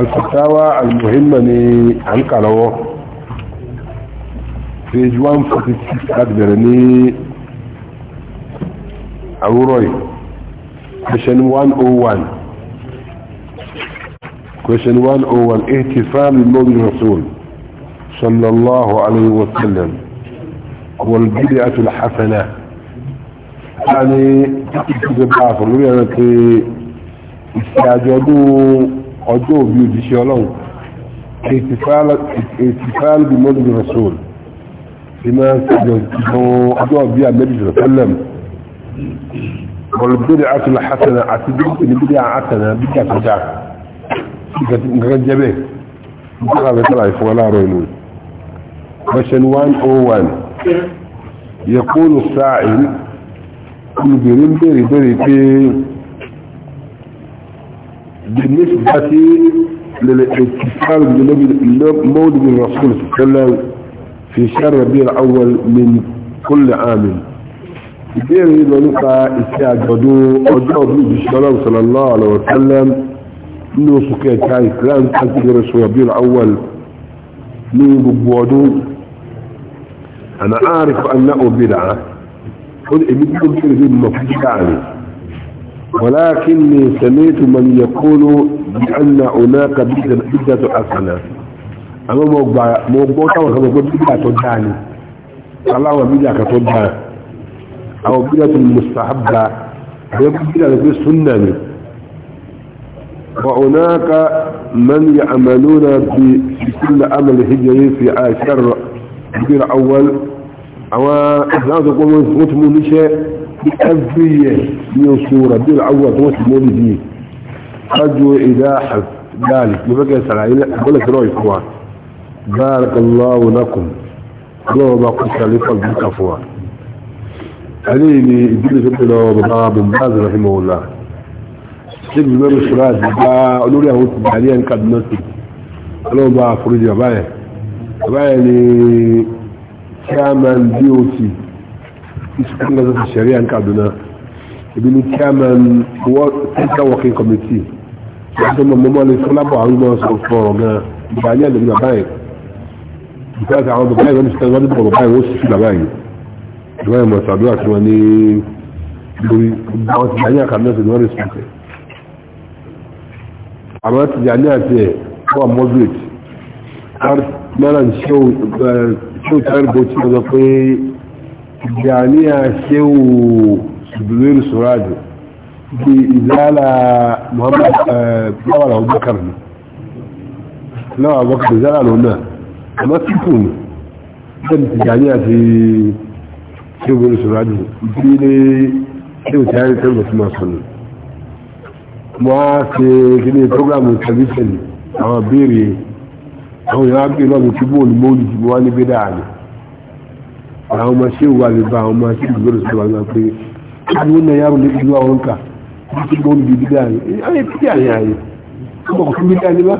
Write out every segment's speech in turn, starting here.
الفتاوى المهمة عن قلوة في جوان فتسك أدبرني أوروي question وان أو وان اهتفال المولد الرسول صلى الله عليه وسلم والبدعة الحسنة يعني تكتب بعض الوليانة استعجبوا ọjọ́ òbí òjíṣẹ́ ọlọ́run ìtìfààlù bí mọ́lùmí rasul ìmọ̀ ṣàjọ̀dún ọjọ́ òbí àmẹ́bí rẹ̀sẹ́lẹ̀m bọ̀lùbẹ́rẹ̀ àtúnlá hasana àti bíbí àtànà bíbí àtàjà nǹkan jẹ́bẹ̀ nígbà rẹ̀ tàbí fún aláàrọ̀ inú version 101 yẹ kó lù sáà ìlú olùbẹ̀rẹ̀ ń bẹ̀rẹ̀ bẹ̀rẹ̀ pé بالنسبة للاتصال بنبي مولد الرسول صلى الله عليه وسلم في شهر ربيع الأول من كل عام يدير لنقى استعجدوا أجاب نبي الشلام صلى الله عليه وسلم إنه سكيت كاي كلام كانت جرس ربيع الأول من ببوادو أنا أعرف أنه بدعة قل ابن كيف يجب مفجع عليه ولكني سمعت من يقول بأن هناك بدة حسنة أما موقع وكما بدة تداني الله بدة كتداني أو بدة مستحبة هي بدة تكون سنة وهناك من يعملون بكل عمل هجري في عشر كبير أول أو إذا تقول متمون شيء بأذية من صورة دي العوة دوات المولدية حجو إذا حف ذلك يبقى يسأل عيلا أقولك رأي أخوان بارك الله لكم الله ما قلت لي فضلك أخوان عليني إبني جبت له بباب مباز رحمه الله سيد بمير الشراج جاء قلوا لي أهوت بحاليا كاد نسي الله ما فريد يا بايا بايا لي كامان بيوتي cikin nazarin shari'ar kaduna ibini chairman central working committee yàtọ̀ mọ̀ mọ́mọ́ ní sọ́lábọ̀ àwọn ọmọ sọ fọ̀rọ̀ gan ìgbà ní ẹ̀lẹ́gbẹ̀ bàbá yìí because àwọn bàbá yìí wọ́n ti sọ́dọ̀ bọ̀ bàbá yìí wọ́n sì sí bàbá yìí ìgbà yìí mọ̀ sàdúrà tí wọ́n ní lórí àwọn ti dání àkàndé ọ̀sẹ̀ ni wọ́n rí sùkẹ̀ àwọn ti dání àti ẹ̀ wọ́n moderate náírà ṣéwù tẹ́rì ti sọ pé jami'a shehu zubairu suraju bi izala muhammad bawal abubakar ne lawa abubakar izala lona amma siku ne don jami'a ti shehu zubairu suraju bi ne shehu ta yi tarba su masu ne ma se gine program television àwọn abiri àwọn ìyá gbé lọ́gbọ̀n tí bóòlù mọ́lù wá ní gbé àwọn ọmọ ṣé wà lè ba àwọn ọmọ ṣé ìlú lọ́dọ̀ sọ̀rọ̀ àwọn pé káàdùn náà yàrá lè ju àwọn nǹka títí gbọ́n bí bí dáa yìí ayé pípé àyè àyè ọmọ kò fún bí dáa níbà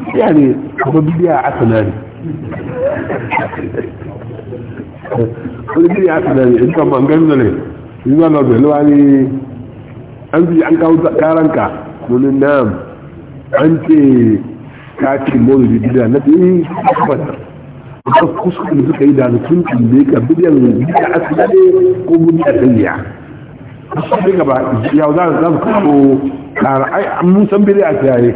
pípé àyè ọmọ bí dáa àtànà rè ọmọ bí dáa àtànà rè ẹni ọmọ nǹkan nílẹ̀ ìlú wa lọ́dọ̀ ló ní an fi an kawo karanka wani nam an ce ka ce mawuzi gida na kusan kuskure da suka yi da sun tambaye ka bidiyan bidiyan asali ne ko bidiyan tsayiya kusan duka ba yau za su kawo kara ai mun san bidiyan tsayaye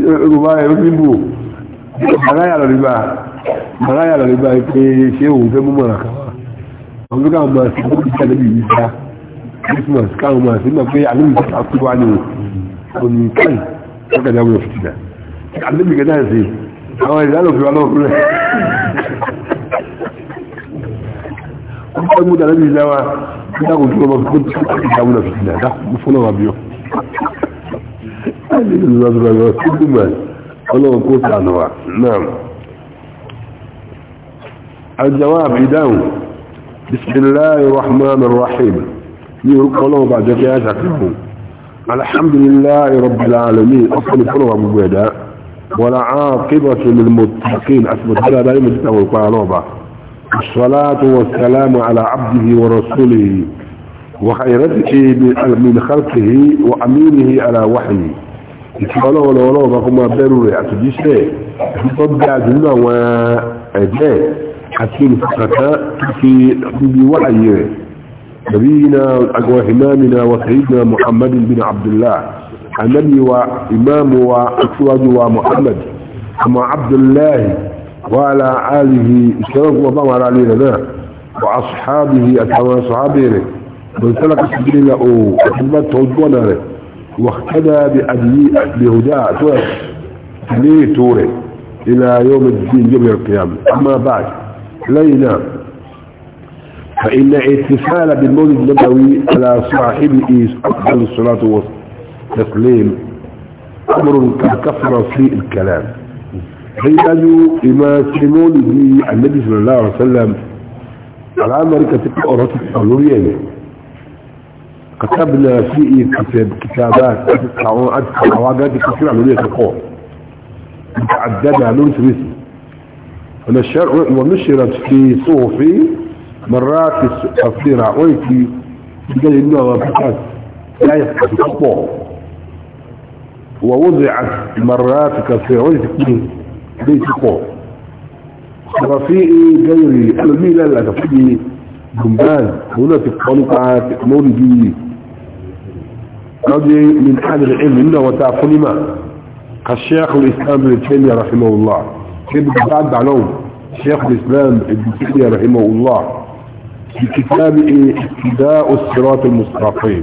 ruba ya rufin bu magaya da riba magaya da riba ya pe ṣe òun fẹ́ mú mọ̀ra kawá àwọn tó káwọn máa sí bó ti tẹ̀lé bí ìta christmas káwọn máa sí náà pé àlébìsí àkúwá ni òun káì lọ́kàdá wọ́n fi ti àdébì kẹta ẹ̀sìn àwọn ìdálò fi wà lọ́wọ́ rẹ̀ ọkọ̀ ìmúdà lẹ́bí ìdáwà dákò tó lọ́wọ́ kó tí ó ti dáwọ́ lọ́wọ́ fìdá dákò fún ọmọ àbíọ́ ọlọ́wọ́ kó sànà wà náà الجواب إداو بسم الله الرحمن الرحيم يقولوا بعد ذلك الحمد لله رب العالمين أصلا كلها مبادئ ولا عاقبة للمتقين أثبت هذا دائما جدته القالوبة الصلاة والسلام على عبده ورسوله وخيرته من خلقه وأمينه على وحيه يتبعونه ولا ولا فهما بيروري أتجيسي يتبع جنة وإجاه حسين فقطة في حبيبي وعيه نبينا وإمامنا وسيدنا محمد بن عبد الله النبي وإمام وأسواج ومحمد أما عبد الله وعلى آله إشتراك وضم على علينا وأصحابه أتحوى صحابه من سلك سبيل أو أحبت توجونا واختدى بهداء ليه توري إلى يوم الدين يوم القيامة أما بعد لينا فإن اتصال بالمولد النبوي على صاحبه أفضل الصلاة والسلام تقليل أمر كثر في الكلام حيث يماثلون به النبي صلى الله عليه وسلم على كتبقى أرسل الأولوية كتبنا فيه كتاب كتابات حواجات كثيرة الأولوية تقوم متعددة نون ونشر ونشرت في صوفي مرات الصفيرة ويكي بجل النوع وفتات لا يفتح في ووضعت مرات كثيرة ليس قوة رفيقي غيري ألمي لا لا تفيدي جنبان هنا في الطريقة تكنولوجي رجي من أهل العلم إنه وتعفل ما الشيخ الإسلام بن تيمية رحمه الله كيف بعد عنهم الشيخ الإسلام بن تيمية رحمه الله في كتاب اهتداء الصراط المستقيم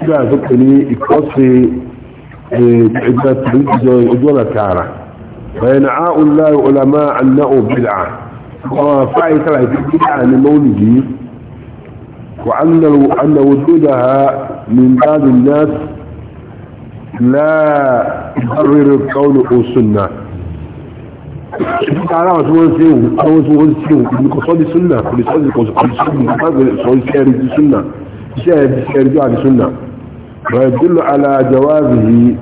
كتاب ذكرني اقتصي أجوال إيه، الكارة فينعاء الله علماء أنه بدعة وفاي كلا بدعة لمولده وأن أن وجودها من بعض الناس لا يقرر القول والسنة تعالى وسوون سيو أو سوون السنة بقصد السنة السنة بقصد السنة بقصد السنة بقصد السنة ويدل على جوازه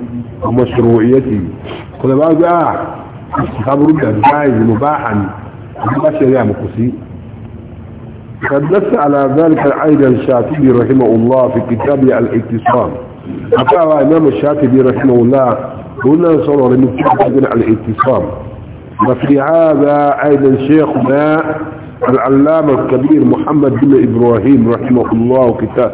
ومشروعيته قل بعض اه خبر جائز مباحا ما شريع مقصي قد نص على ذلك ايضا الشافعي رحمه الله في كتابه الاتصال حتى إمام الشافعي رحمه الله هنا صلى الله على الاتصال وفي هذا أيضا شيخنا العلامة الكبير محمد بن إبراهيم رحمه الله كتاب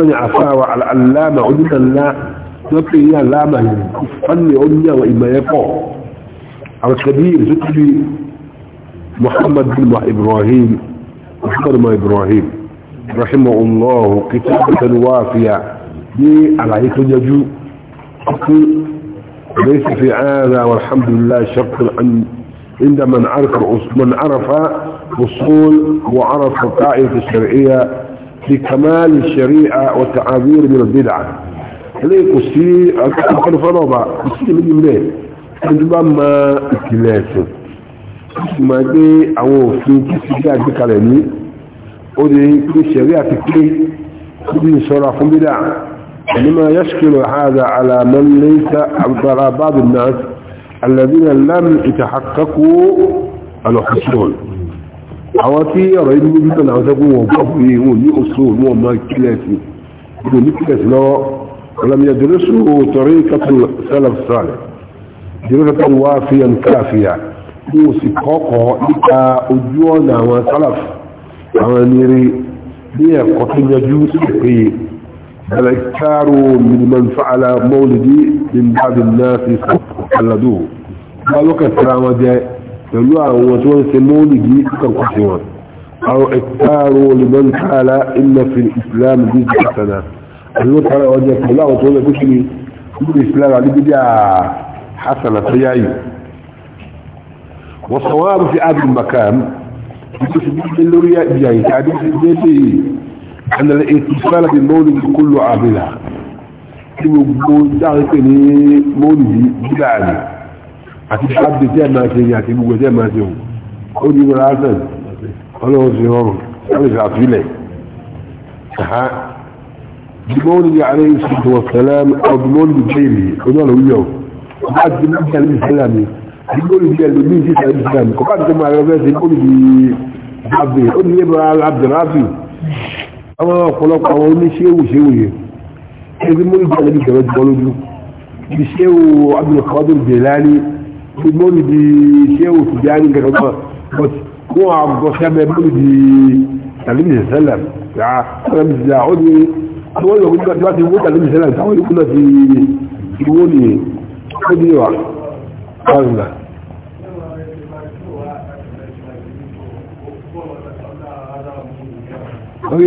من عفاوة على اللامة عدنا لا نبقي إياه لامة يعني فن عدنا وإما يقوم على الكبير ستجي محمد بن إبراهيم محمد بن إبراهيم رحمه الله كتابة وافية دي على عيك يجو ليس في هذا والحمد لله شرط أن عند من عرف من عرف اصول وعرف القاعده الشرعيه في كمال الشريعة والتعابير من البدعة ليكو سي أكثر فنوبة بسي من الملين عندما ما اكلاسه ما دي او في كسي جاك بكالاني او دي كل شريعة تكلي كل صورة في البدعة لما يشكل هذا على من ليس على بعض الناس الذين لم يتحققوا الوحسنون àwọn tí ọ̀rọ̀ inú bí tọ́lá àwọn sẹ́kún wọn gbọ́ fún ìwọ̀n ní oṣù wọn máa kílẹ̀ sí ìlú ní kílẹ̀ sí lọ́wọ́ ọ̀làmìyà dẹ̀rẹ́sù tọ̀rí kàtún sálàf sálẹ̀ dẹ̀rẹ́sù kan wá fi ẹn káàfíà ní oṣù kọ́kọ́ nípa ojú ọ̀nà àwọn sálàf àwọn nírí ní ẹ̀kọ́ tó yanjú sí pé يلو عن وطول سمون جيسك القشوان او اكتاروا لمن قال ان في الاسلام جيس حسنا اللو تعالى وجهك الله وطول كشني في الاسلام عليك جا حسنة سيائي والصواب في هذا المكان يقول في بيت اللورياء جاي في البيتي ان الاتصال بالمول كله عاملها كيف يقول تعرفني مولي بلعني àti ṣáàbì tí ẹ máa ṣe ní àti gbogbo tí ẹ máa ṣe òun ó ní wọn lásán ọlọ́run ṣe rọrùn láti ṣàfilẹ̀ ṣáà jùmọ́n ní ààrẹ ìṣètò ọ̀sẹ̀lẹ̀ ọdúnmọ́n ní bẹ́ẹ̀lì onílọ̀ wíyọ̀ ọba ti ní bí ẹni ìṣẹ̀lẹ̀ mi àdúgbò ní bí ẹni mi ti ṣẹlẹ̀ ìṣẹ̀lẹ̀ mi kọ́kọ́ àti máa rẹ fẹ́ẹ́ ṣe kó ní àwọn ọ̀pọ̀lọpọ̀ àwọn oníṣẹ́wò ṣẹ́wò yẹn ẹni mú ìgbà ẹni bẹ̀rẹ̀ lójú ìṣẹ́wò abdulkadir jelani mọ́lìdì ṣé òtù bí ánì gẹ̀rọ náà but wọ́n á gọ́ sábẹ́ mọ́lìdì tàlíbì sẹ́lẹ̀ yà sọ́dọ̀ bí sẹ́lẹ̀ ó ní àwọn yòókù nígbà tí wọ́n ti wó tàlíbì sẹ́lẹ̀ táwọn yòókù náà ti wó ní ó ní wà kárùnà. Oye.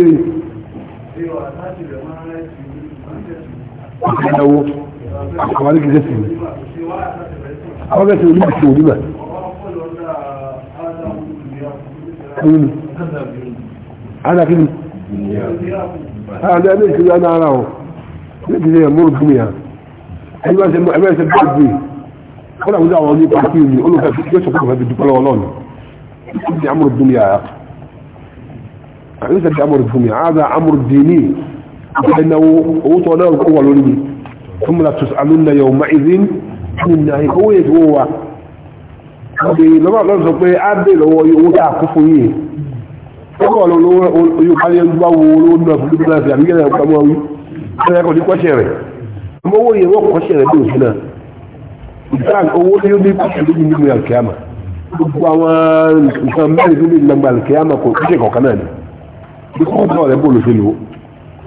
Ìyàwó, àwọn akéwà ní kìí ṣe sí. àwọn bẹ́ẹ̀ tí onímọ̀ tí onímọ̀ kúrú adákínú àdá ẹgbẹ́ ìṣẹ́lẹ̀ ọ̀nà ara ọ̀ ní ti ṣe ẹ̀mọ́rù fún ìyá ẹgbẹ́ ìṣẹ́ bẹ́ẹ̀ gbé ó làwọn àwọn ọdún ìpàdé kí ni olùfẹ́ fi gbé sọ̀kọ́ fẹ́ fi dúpẹ́ lọ́wọ́ lọ́nà ní àmúrù fún ìyá àyíṣẹ́ ti àmúrù fún ìyá àdá àmúrù dìní àti ẹnáwó owó tó náà kó wà lórí mi fún mi la tùsàlùmí yawma idhin nínú àyíkọ́ owó èdè owó wa ọ̀bẹ̀ lọ́wọ́ lọ́wọ́ sọ pé á bè lọ́wọ́ owó tá a kú fún yìí ọkọ̀ olówó olùkọ́lẹ̀ ń bá wo olówó náà fún dúdú náà sí àbíkẹ́lẹ̀ ọ̀pá mọ́ wí ẹ̀rẹ́ kò ní kọ́ṣẹ̀ rẹ̀ ọmọ owó yẹn wọ́n kọ́ṣẹ̀ rẹ̀ bí òsì náà ìtàn owó tí ó ní kọ́ṣẹ̀ lójú nínú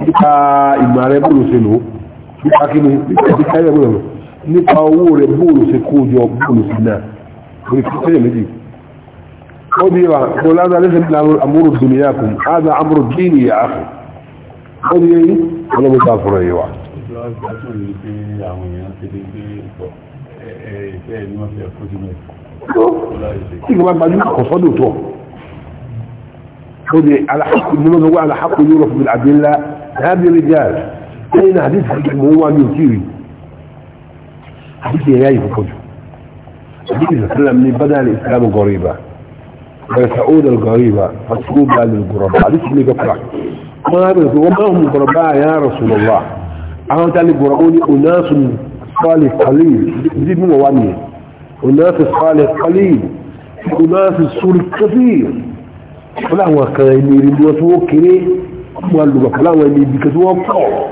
nípa ìmọ̀ rẹ̀ bóòlù sí lò nípa kí ni nípa ìdíkà rẹ̀ nípa owó rẹ̀ bóòlù sí kójọ bóòlù sí náà orí fẹ́yẹ̀ méjì ó ní wa kò lára lẹ́sẹ̀ ní amúrò dùnìyà kùn ádá amúrò dìní yà áfù ó ní yẹ́yí ọlọ́mọta fúnra yìí wa tí kò bá gbajú àkọ́sọ́dọ̀ tó ó ní aláhàkù yóò rọ̀ fún àdínlá láàbí rí jáàrí lẹ́yìn àdínlá mọ́ wá ní òkìrì حديث يا جاي في فجر النبي صلى الله عليه وسلم بدأ الإسلام غريبا ويسعود الغريبا فتقول للغرباء حديث اللي قفلع ما وما هم الغرباء يا رسول الله أنا تعالي قرؤوني أناس صالح قليل دي من واني أناس صالح قليل أناس السور كثير فلا هو كان يريد وتوكري قال له فلا هو يريد كتوكر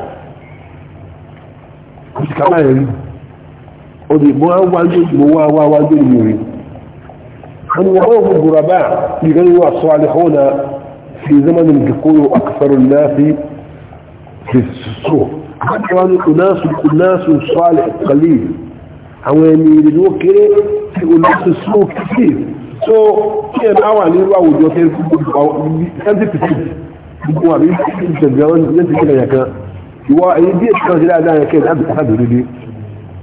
كما يريد òdìbò wájú ìbò wá wá wájú ìbò rí wọ́n wọ́n wọ́n gùrọ̀bá ìgbẹ̀rẹ̀ wà sọ alìhóna fi zaman ìdíkóyò akẹ́fẹ́rún náà fi sọ wọ́n ìnáṣù ìnáṣù sọ alìkàlì àwọn ẹni ìrìnwó kéré tí ìnáṣù sọ kìí so kí ẹ bá wà nínú àwùjọ tẹ́ gbogbo àbí ìṣẹ̀lẹ̀ ìwọ̀ èyí bí èkìkan sí dáadáa yẹn kẹ́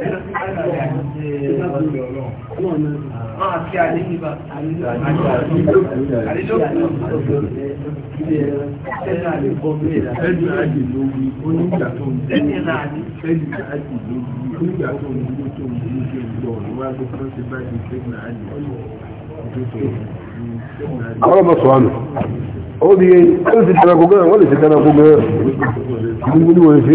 Àwọn ọmọ sọ̀rọ̀ nù, ó di ẹni tí tẹ́lẹ̀ kó gẹ́rẹ̀ wọ́n lè ṣe tẹ́lẹ̀ kó gẹ́rẹ̀, ìgbìmọ̀ ní wọ́n ṣe.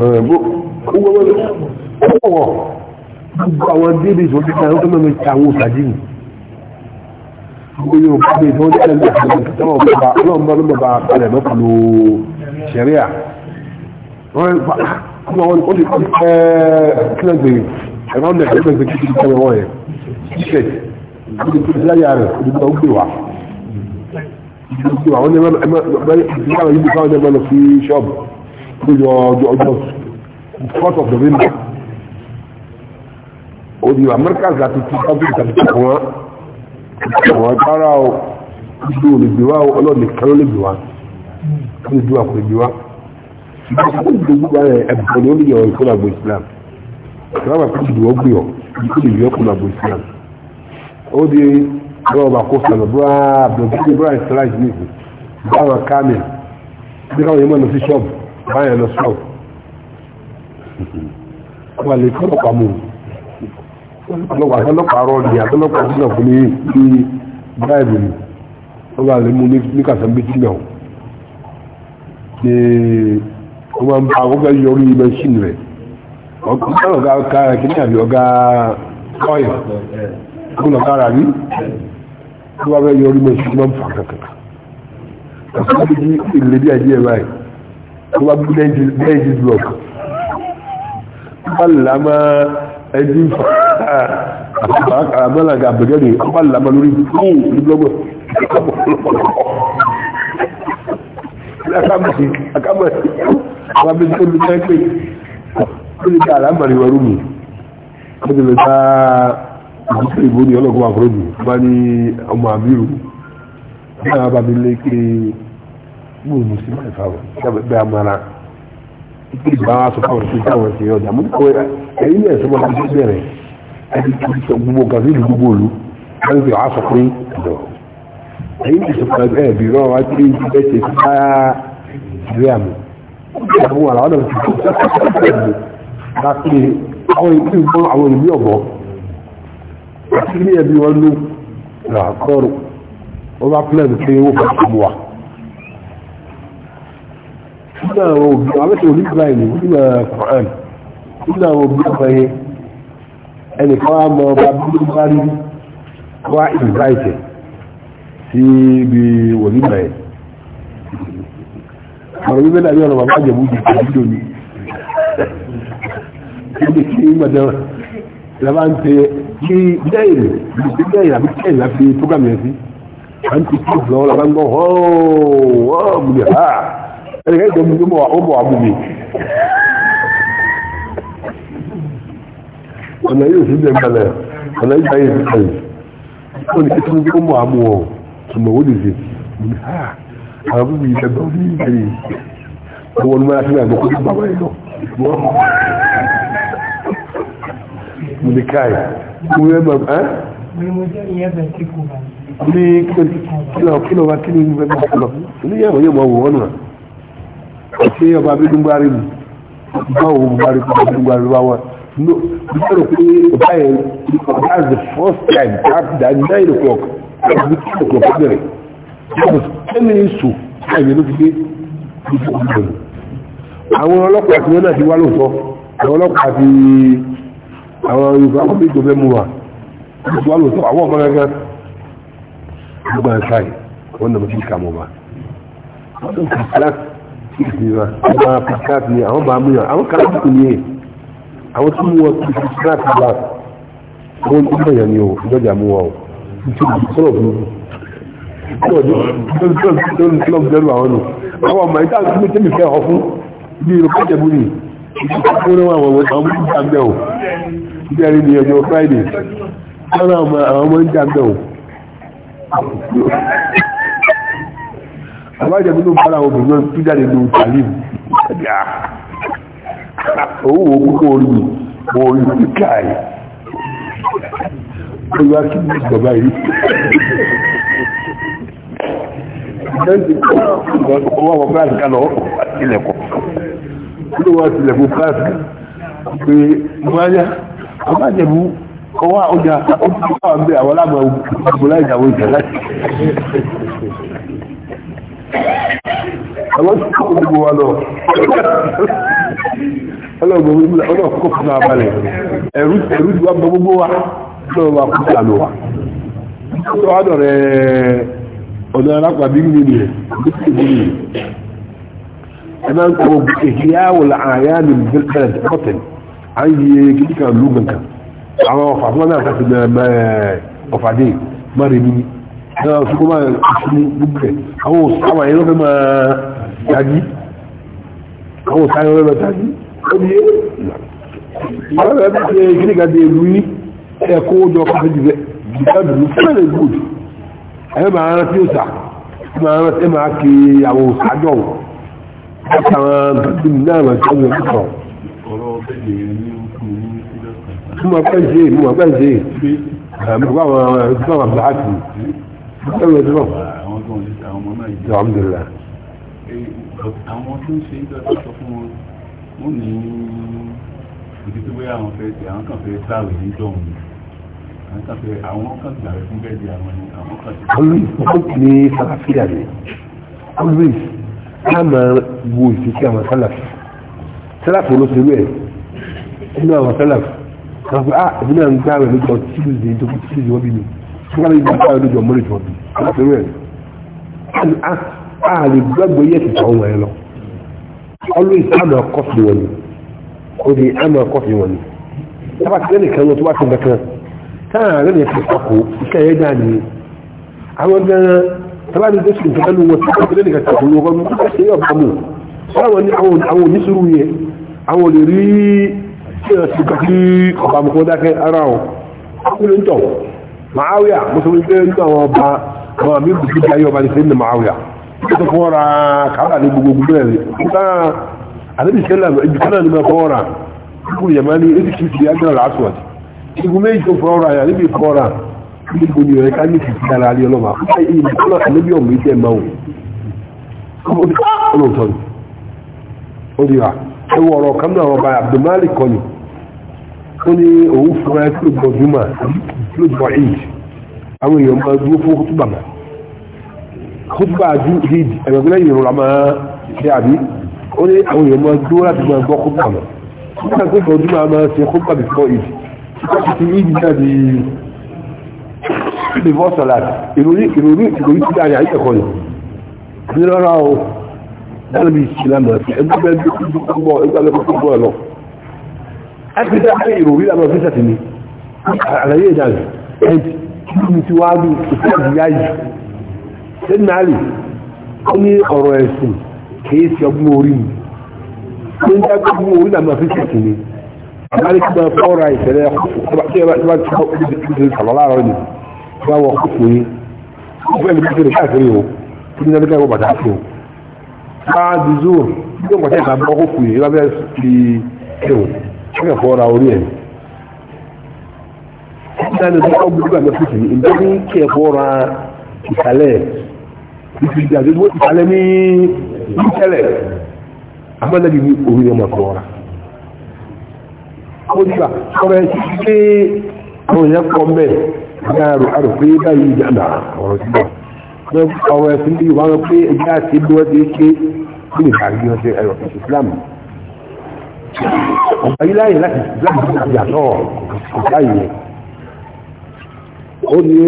ọ̀wọ̀ àwọn débì tó ti kàn tó mẹ́mẹ́ ta àwọn òkàdì nì gbogbo yóò tó ń tẹ́lẹ̀ tó ń bá bá lọ́mọ bá kalẹ̀ mọ́ pẹ̀lú sẹ́ríà wọ́n pa kọ́mọ wọn ó lè ẹ̀rọ ọjọ́ ọjọ́ ọjọ́ court of the rainbow òdìwà amẹ́ríkà láti ti bá bíi ìtàkì àwọn àwọn agbára o ìlú olùgbèwà ọlọ́ọ̀nì kan olùgbèwà kan ìlú àkùrẹ̀gbèwà ìgbàgbọ́ ìgbàgbọ́ rẹ̀ ẹ̀bùn ló ń yọ ìfúnra àgbò Islam ìfúnra àgbò ìdùwọ́ gbìyọ̀ ìfúnra ìyọ́ kùnà àgbò Islam ó di rọ́ọ̀bà kó sọ̀rọ̀ búra àbẹ̀bí búra ìsirajì nìkú báwọn kámẹ̀ bí káwọn yẹn mọ̀ lọ sí ṣọ́ọ̀bù báyẹ̀ lọ south wà lè kọ́ lọ́pàá mú ọlọ́pàá ọlọ́pàá rọ ní àtọ́lọ́pàá sí náà fún ní ní báyìí ni wọ́n bá lè mú ní kàtàmbéjì náà ní wọ́n máa ń bá ọgá yọrí mẹ́ṣìn rẹ̀ ọgá kára kí ní àbí ọgá kọ́yọ̀ kí lọ kára rí wọ́n bá fẹ́ yọrí mẹ́ṣìn máa ń fà kàkàkà kàtàmbéjì ìlérí àìdí ẹ̀ báyìí wá bẹ́ẹ̀jì block pàlámà ẹjí àmàlàgà àbẹ̀gẹ́rẹ̀ pàlámà lórí fún ní blọ́gbọ̀ akámọ̀sí akámọ̀sí wọ́n bí tó bí pẹ́pẹ́ tó lè ká àlámàrí wọrú mi ó ti lè ká ìgbésẹ̀ ìbò ní ọlọ́gbọ́n àkọ́rọ́dù bá ní ọmọ àbírù ní àwọn abàmílẹ́kẹ́ mo ò sí máa fa wọn sábẹ bẹ amara ìpè ìgbà wa sọ fáwọn ìpè táwọn ṣe ọjà mo kọ ẹyin náà sọmọ láti bẹ̀rẹ̀ ẹni tó sọ gbogbo gàdí ìlú gbogbo òlu wọn fi wàá sọ pé ẹdọ ẹyin náà sọ pé ẹ bí rọ wá pé ibi bẹ ṣe fi bá ìrẹ àmì ìgbà àwọn àwọn àwọn ti fi ṣe bá pé àwọn ìpè ìgbọ́n àwọn ìlú ọ̀gbọ́n àti ilé ẹbí wọn ló rà kọ́rù wọn bá pílẹ̀ ní pé owó kan kọ́ wa nígbà àwọn òbí àwẹ́sẹ̀ onígbà ìlú nígbà Quran nígbà àwọn òbí àfẹ́yẹ ẹnìkan á mọ ọba bí ó bá rí wá ìnváìtẹ̀ sí ibi wòlíbà ẹ̀ ọ̀rọ̀ wípé dàbí ọ̀rọ̀ bàbá àjẹ̀bú jù kò nílò ní ibi kí ìgbàdàn làbá ń tẹ kí dẹ́yìn ìgbésí dẹ́yìn àbí kẹ́yìn láti tó gàmìyàn sí à ń ti kí ìgbà wọn làbá ń gbọ́ họ́ọ̀ họ́ọ̀ mùlẹ̀ háà ẹ̀rẹ́ ìdọ̀mù tó mọ̀ ọmọ àbúgbé ọ̀nà yóò sí jẹ́ gbẹ̀lẹ̀ ọ̀nà yóò báyé sí kàrí ó ní kíkún tó mọ̀ àmú ọ̀ ọmọ ó lè ṣe àwọn bíbí ìdẹ̀gbọ́n ní ìgbẹ̀rẹ̀ ọwọ́ ní máa sílẹ̀ ṣé ọba abẹ́dúgbárí ni báwo buhari kò abẹ́dúgbárí wá wá no bí sọ̀rọ̀ pé ọba yẹn that's the first time that nine o'clock that be ten o'clock bẹ̀rẹ̀ that was ten minutes to five yẹn ló fi dé ìjọ ìjọba àwọn ọlọ́pàá tí wọ́n náà ti wá lóòótọ́ àwọn ọlọ́pàá ti àwọn yorùbá kọ́ bí ìjọba mú wa wọ́n ti wá lóòótọ́ àwọn ọmọ gángan gbogbo àǹfààní wọ́n nà mọ́ sí ìkàmọ́ wa wọ́n tó ìgbìmọ̀ ọba pàtàkì ni àwọn bá mú yàn àwọn kàlákùn ní ẹ̀ àwọn tí wọ́n ti fi sínáàtì bá wọ́n tó bẹ̀yà ni ò ìjọjà mú wa ò nítorí sọ̀rọ̀ burúkú lọ́dún dẹ́rù àwọn nù àwọn ọmọ ìta tí mi tẹ́mi fẹ́ ọ fún bí i rọ̀pẹ́ jẹ̀bú ni ìṣẹ́kọ́ náà àwọn ọmọ ìjà gbẹ̀ ò bẹ́ẹ̀rẹ̀ ni ọjọ́ Friday wọ́n àwọn ọmọ ìjà gbẹ̀ ò àbájẹ̀bí ló bára obìnrin náà tó jáde ló tàlíù owó wo púpọ̀ orí mi mo rí píkà ẹ̀ ó yá kí ní ìjọba yìí ìjọ́sí ọwọ́ àwọn fúláàsì ká lọ tilẹ̀kọ̀ kí ló wá tilẹ̀kọ̀ fúláàsì pé mọ́nyá àbájẹ̀bí ọwọ́ ọjà ó ti wá ń bẹ àwọn aláàmọ̀ ìgbòláìjà àwọn ìjà láti ọlọ́sọ̀kọ̀ gbogbo wa lọ ọlọ́ọ̀kọ̀ fún abalẹ̀ ẹ̀rú ẹ̀rú ti wá bọ gbogbo wa lọ́wọ́ wa kú sàlù wa tó wá dọ̀rẹ̀ ọ̀dọ̀ alápàdé ní ilẹ̀ gbogbo ní ẹ̀ máa ń kọ́ ìhìyàwó ààyà ní bẹ́ẹ̀ kọ́tẹ̀ à ń yẹ kíkà lù kankan àwọn ọ̀fà fún wọn náà sàti ọ̀fàdé mọ́rin ní náà sọ́kọ́ máa ń sún gbogbo ẹ̀ àwọn òṣìṣẹ́ àwọn ẹ̀yọ́ fẹ́ máa tagi àwọn òsáyẹ̀ rẹ̀ lọ tagi ó ní ìyá rẹ̀ bí ṣe gínígàdé ìlú ní ẹ̀kọ́ ọjọ́ kọfẹ́ jù bẹ́ẹ̀dùn fẹ́rẹ̀ good ẹ̀rẹ́ máa rántí òsà máa rántí máa kí àwọn òsájọ́ àtàwọn tọ́jú náà rẹ̀ tọ́jú ẹ̀ sọ̀rọ̀ mo máa pẹ́ ṣe mo máa pẹ́ ṣe àwọn tó ń ṣe ìjọba sọ fún wọn wọ́n ní ìdí tó bóyá àwọn fẹ́ ṣe àwọn kan fẹ́ sáàwé ní jọ̀hún ni àwọn kan fẹ́ àwọn kan ti gbàgbé fún bẹ́ẹ̀ di àwọn ni àwọn kan ti. always hope ni sàlàfíà ni always ká máa wo ìṣesí àwọn sálàfì sálàfì olóṣèlú ẹ̀ nínú àwọn sálàfì kan fún ah èmi náà gbá rẹ̀ lójọ tuesday tó fi tuesday wọ́n bí mi fún wọ́n bí mi ààrẹ gbàgbé yẹ ti tọ́ wọn lọ always àmà kọ́fì wọn ni ó di àmà kọ́fì wọn ni tábà tí lẹ́nìkan lọ tó bá ti gbẹ̀kan táà lẹ́nìí ti sọ́kò iṣẹ́ yẹn dáa ni àwọn gan-an tábà ní tó sì ń tẹ́lẹ̀ wọn tí wọ́n ti lẹ́nìkan sọ́kò ní ọgbọ́n mú ṣe yọ bá mú láwọn ní àwọn oníṣòro yẹn àwọn ò lè rí ṣé ọ̀sìn kàkí ọ̀bà mọ̀kọ́ dákẹ́ ara ọ̀ kúlẹ̀ ń tọ̀ màáwíà mùsùlùmí pé nínú àwọn ọba àwọn àmì ìbùkún ayé ọba ní sẹ́yìn màáwíà tó fọ́ ra kààbà ní gbogbo gbẹ̀rẹ̀ nígbàrá àdébì sẹ́lẹ̀ ibi kanáà ní mẹ́fọ́ ra kúrò yẹ̀má ní eighty-six agbára lásùwọ̀t igun méjì tó fọ́ ra yàrá ibi fọ́ ra ní gbogbo yẹ̀rẹ̀ ká ní fìfì ara rí ọlọ́mà fúnṣẹ́ yìí ní kọ́lá àdébì ọ̀mù ìjẹ́ ẹ̀mà wò olóòótọ́ ni ó di wa ẹ wọ ọ̀rọ̀ kan ọba Abdulmalik kọ́ ni ó ní òun fúnra ẹ kúrò bọ̀ juma kúrò bọ̀ eid àwọn èèyàn máa dúró fún kútùbàmà kúbà ju ìdíjì ẹgbẹ̀gbẹ̀ lẹ́yìn ìrọ̀lá máa ṣe àbí ó ní àwọn èèyàn máa dúró láti máa gbọ́ kúbà mọ̀ kúbà tó kọ̀ ọdún máa ṣe kúbà bìfọ́ ìdí kúbà ti ìdí náà di bìfọ́ sọ̀lá ìròyìn ìròyìn ìròyìn ti dáa yàrá ẹ̀kọ́ yìí ní rárá o dáná bí ìṣìlá mọ̀ sí ẹgbẹ́ gbọ́ ẹgbẹ́ gbọ́ ẹ lọ. ẹ fi dá sẹ́yìn àlè ó ní ọ̀rọ̀ ẹ̀sìn kìí ṣe ọgbọ́n orí mi ó ń dágbé ọgbọ́n orí làmà fi ṣèṣì ni àbálẹ̀ kí wọ́n fọ́ra ìṣẹ̀lẹ̀ ọkùnrin orí ẹ̀ Ìdáni tó ọgbùgbà mẹ́fìsì ní ìdáni kẹfọ́ra ìkàlẹ̀ ìfi ìdàgbé bó ti kalẹ̀ ní ìtẹ́lẹ̀ amánàbí ní orí ọmọ kọ́ra ó dìgbà ọ̀rọ̀ ẹ̀ ti pé àwọn èèyàn kọ́ mẹ́ ní àrò àrò pé báyìí ìjànà ọ̀rọ̀ síbọ̀ ọ̀rọ̀ ẹ̀sìn bí wọ́n pé ẹgbẹ́ àti ẹgbẹ́ wọ́n ti ṣe kí ni ìbàrí wọn ṣe ẹ̀rọ Islam ọ̀pọ̀ yìí láyé láti Islam ti àjà náà kò láyé ó ní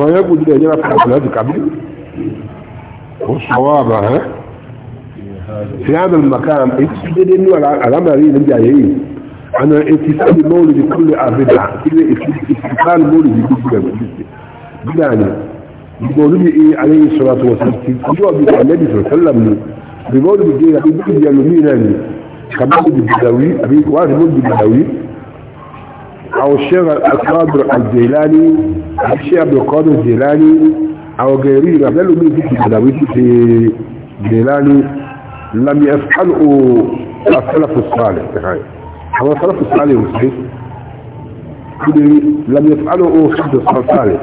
ọ̀rọ̀ yẹn kò dìde ẹ̀yẹ́ bá pàtàkì وصوابها في هذا المكان اتسددين العمل اللي جايين عن اتسال المولد كل أربعة اتسال المولد كل بلاني بمولد إيه عليه الصلاة والسلام جواب النبي صلى الله عليه وسلم بمولد جاي أبي بكر يلومينني كمولد بدوي أبي واحد مولد بدوي أو الشيخ القادر الجيلاني الشيخ عبد القادر الجيلاني أو غيري ربلو ميكي كدويتي في لم يفعله السلف الصالح هو السلف الصالح مسلم لم يفعله السلف الصالح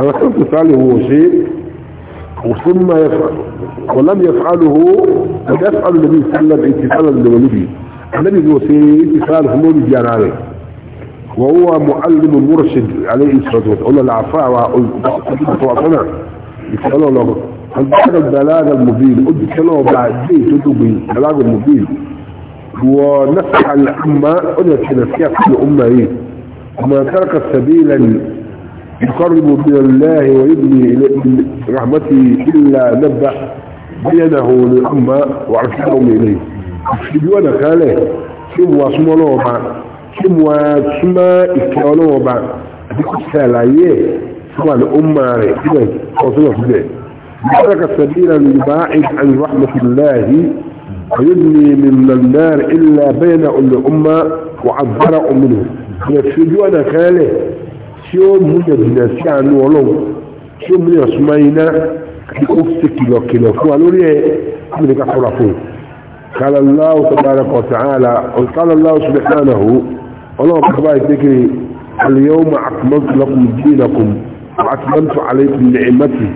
هو السلف الصالح هو شيء ثم يفعل ولم يفعله يفعل النبي صلى الله عليه وسلم اتصالا بولده النبي هو سيد اتصال همول جاراله وهو معلم مرشد عليه الصلاة والسلام العفاء وعطنا يسألوا له بعد البلاغ المبين قد كانوا بعدين تدبي البلاغ المبين ونفع الأمة قد تنفيها كل أمة إيه وما ترك سبيلا يقرب من الله ويبني إلى رحمته إلا نبأ بينه للأمة وعرفهم إليه في ديوانك قاله كيف واسم الله معه kí kò سبيلا يباعد عن رحمة الله ويبني من النار إلا بين الأمة وعبر منه يفسدوا أنا كاله شو من الناس عن ولو شو من يسمعنا يقف كيلو كيلو قالوا لي من قال الله تبارك وتعالى قال الله سبحانه والله بخبائي تكري اليوم أكملت لكم دينكم وأكملت عليكم نعمتي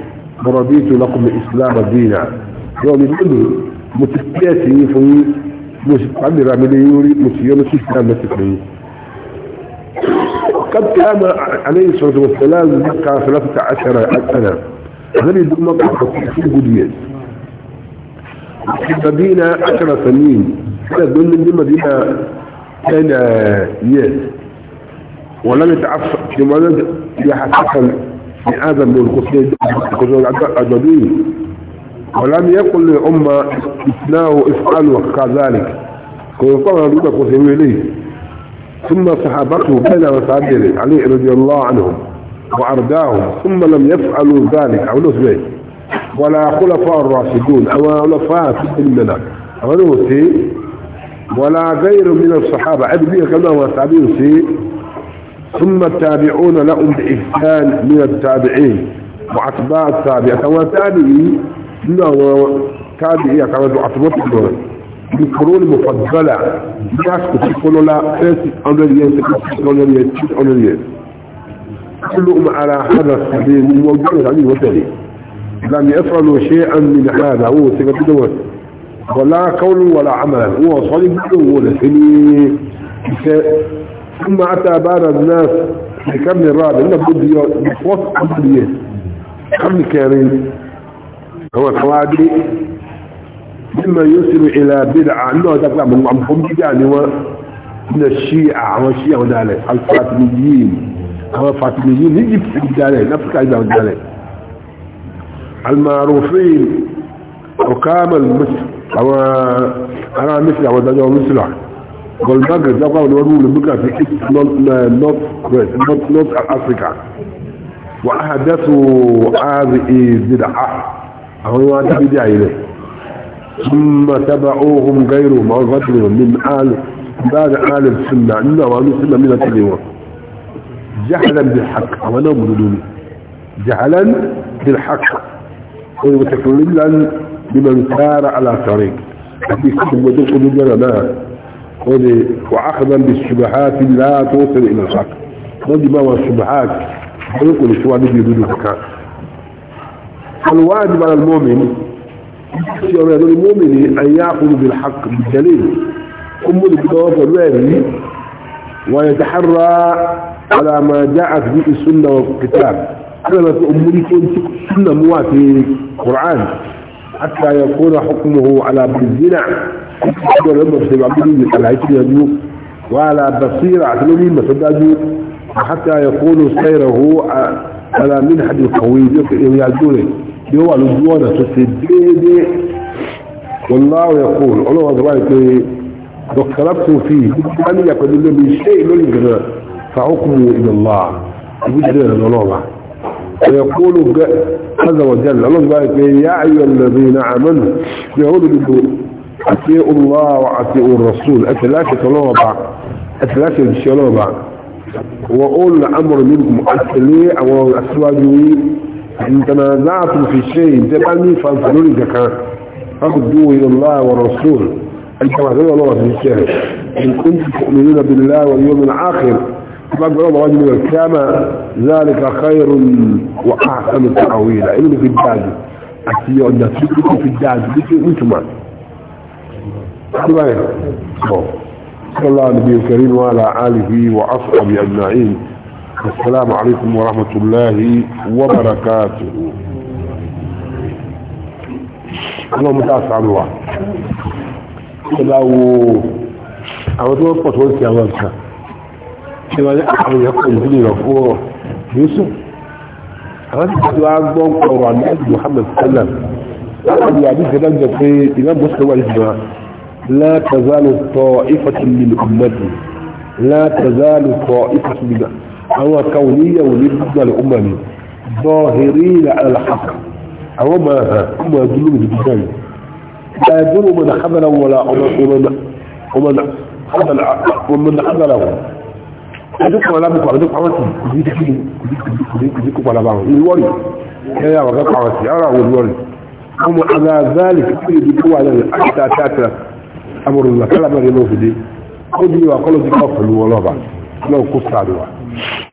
ورضيت لكم إسلام دينا يوم الدين متكياتي في مستقبل رامي يوري مسيون سيستان متكري قد كان عليه الصلاة والسلام مكة ثلاثة عشر سنة هذه دمى في في مدينة عشر سنين هذا من دمى 10 uh, years ولم يتعفف لماذا يحسن لآدم من القصير الأجدين ولم يقل للأمة إثناه افعلوا كذلك كيقول ربك قسم إليه ثم صحابته بين مساجره علي رضي الله عنهم وأرداهم ثم لم يفعلوا ذلك أو نسبه ولا خلفاء الراشدون أو خلفاء في الملك أو نسبه ولا غير من الصحابة عدبية كما هو التعبير في ثم التابعون لهم بإحسان من التابعين وأتباع التابع كما تابعي إنه تابعي كما هو تعتبر بالقرون مفضلة ناس كتقول لا فاسي أوليين تكتب أوليين تكتب أوليين كلهم على هذا السبيل موجود عليه وتالي لم يفعلوا شيئا من هذا هو سيكتب دوت ولا قول ولا عمل هو صليب الأول ثم أتى بعد الناس بكمل الرابع إلا بدي يخوص عملية كم كريم هو الحوادي مما يسر إلى بدعة أنه ذاك تقلع من عمكم يعني من الشيعة والشيعة ودالي الفاطميين الفاطميين يجب في دالي نفسك إذا ودالي المعروفين حكام المسلم أو أنا مثل مثل قال بقى جاب هذه الزرعة ثم تبعوهم غيرهم ما من آل بعد آل السنة إلا وأن السنة من التليوة جهلا بالحق ولو مدلوني جهلا بالحق ويتكلم لأن لمن سار على طريق في كتب ودوك الجنة وعقدا بالشبهات لا توصل إلى الحق ودي ما هو الشبهات طريق الإسوان يجدون فكان الواجب على المؤمن يريد المؤمن أن يأخذ بالحق بالدليل أمه بتوافى الوالي ويتحرى على ما جاءت به السنة والكتاب انا أمه كنت سنة مواتي قرآن حتى يكون حكمه على بالزنا يقول وعلى بصيرة عتلوني مسداجو حتى يكون سيره على منحد القوي يجوري يوى لجوانا تسديدي والله يقول الله أدرائك وقلبت فيه أن يقول لي شيء لن فحكمه إلى الله يقول الله ويقول عز وجل الله بارك يا أيها الذين آمنوا يقول بدو أتيء الله وأتيء الرسول أتلاشي الله بعض أتلاشي الشيء بعض وأول لأمر منكم أتلي أو أسواجي إن تنازعتم في شيء تبني فانفلوني زكاة فقدوا إلى الله والرسول أنت ما تقول الله في الشيء إن كنتم تؤمنون بالله واليوم الآخر فقدوا الله رجل الكامل ذلك خير وأحسن تعويلا إنه في الداج أتي في تفكر في الداج مثما صلى الله عليه الكريم وعلى آله وأصحابه أجمعين السلام عليكم ورحمة الله وبركاته اللهم تاسع عن الله لو أردت أن أقول لك يا مالك كما يقول رفوه يوسف àwọn ti tẹ̀lé wa gbọ́ ọ̀rọ̀ àmì muhammed sallam láti ní àdìsẹ́ náà لا تزال طائفة من أمتي لا تزال طائفة من أو كونية ولبنى الأمم ظاهرين على الحق أو ما هم يدلون بالجنة لا يدل من خذل ولا ومن خذل ومن خذله ẹjọ́ kan alábùkù àwọn ẹjọ́ pàwọ́sì kìdí kó padà bá wọn ní wọ́rì ẹ̀yà àwọn ọ̀gá pàwọ́sì ara àwọn olùwọ́rì ọmọ àgbàzáàlì kíkọ́ ìdí tó wà lẹ́nu àkìtà àtàtà amòrùnlá kálábàrì náà fìdí ó di ìwà kọ́lọ́dí kọ́ pẹ̀lú ọlọ́ba náà kó sàdùwà